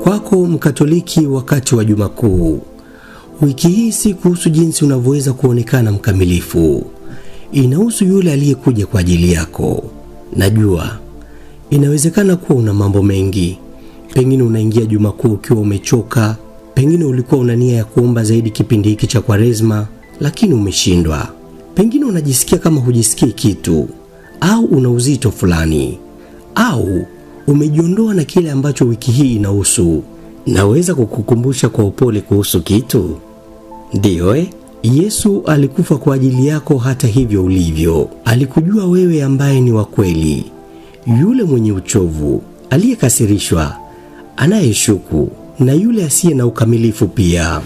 Kwako Mkatoliki wakati wa Juma Kuu, wiki hii si kuhusu jinsi unavyoweza kuonekana mkamilifu, inahusu yule aliyekuja kwa ajili yako. Najua inawezekana kuwa una mambo mengi, pengine unaingia Juma Kuu ukiwa umechoka, pengine ulikuwa una nia ya kuomba zaidi kipindi hiki cha Kwaresma lakini umeshindwa, pengine unajisikia kama hujisikii kitu, au una uzito fulani, au umejiondoa na kile ambacho wiki hii inahusu. Naweza kukukumbusha kwa upole kuhusu kitu? Ndiyo eh? Yesu alikufa kwa ajili yako hata hivyo ulivyo. Alikujua wewe ambaye ni wa kweli, yule mwenye uchovu, aliyekasirishwa, anayeshuku na yule asiye na ukamilifu pia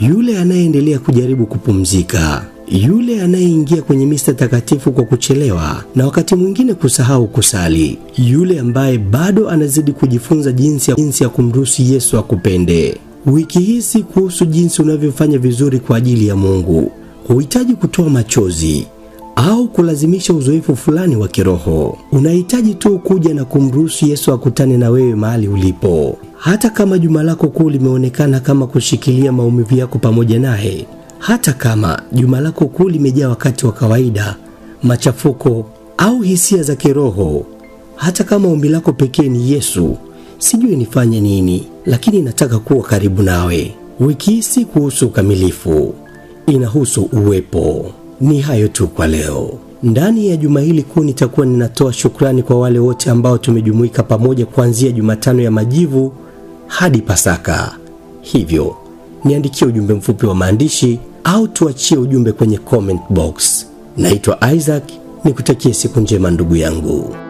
yule anayeendelea kujaribu kupumzika, yule anayeingia kwenye misa takatifu kwa kuchelewa na wakati mwingine kusahau kusali, yule ambaye bado anazidi kujifunza jinsi ya, jinsi ya kumruhusu Yesu akupende. Wiki hii si kuhusu jinsi unavyofanya vizuri kwa ajili ya Mungu. Huhitaji kutoa machozi, au kulazimisha uzoefu fulani wa kiroho. Unahitaji tu kuja na kumruhusu Yesu akutane na wewe mahali ulipo. Hata kama juma lako kuu limeonekana kama kushikilia maumivu yako pamoja naye, hata kama juma lako kuu limejaa wakati wa kawaida, machafuko au hisia za kiroho, hata kama ombi lako pekee ni Yesu, sijui nifanye nini, lakini nataka kuwa karibu nawe. Wiki hii si kuhusu ukamilifu, inahusu uwepo. Ni hayo tu kwa leo. Ndani ya juma hili kuu nitakuwa ninatoa shukrani kwa wale wote ambao tumejumuika pamoja kuanzia Jumatano ya Majivu hadi Pasaka. Hivyo niandikie ujumbe mfupi wa maandishi au tuachie ujumbe kwenye comment box. Naitwa Isaac, nikutakie siku njema ndugu yangu.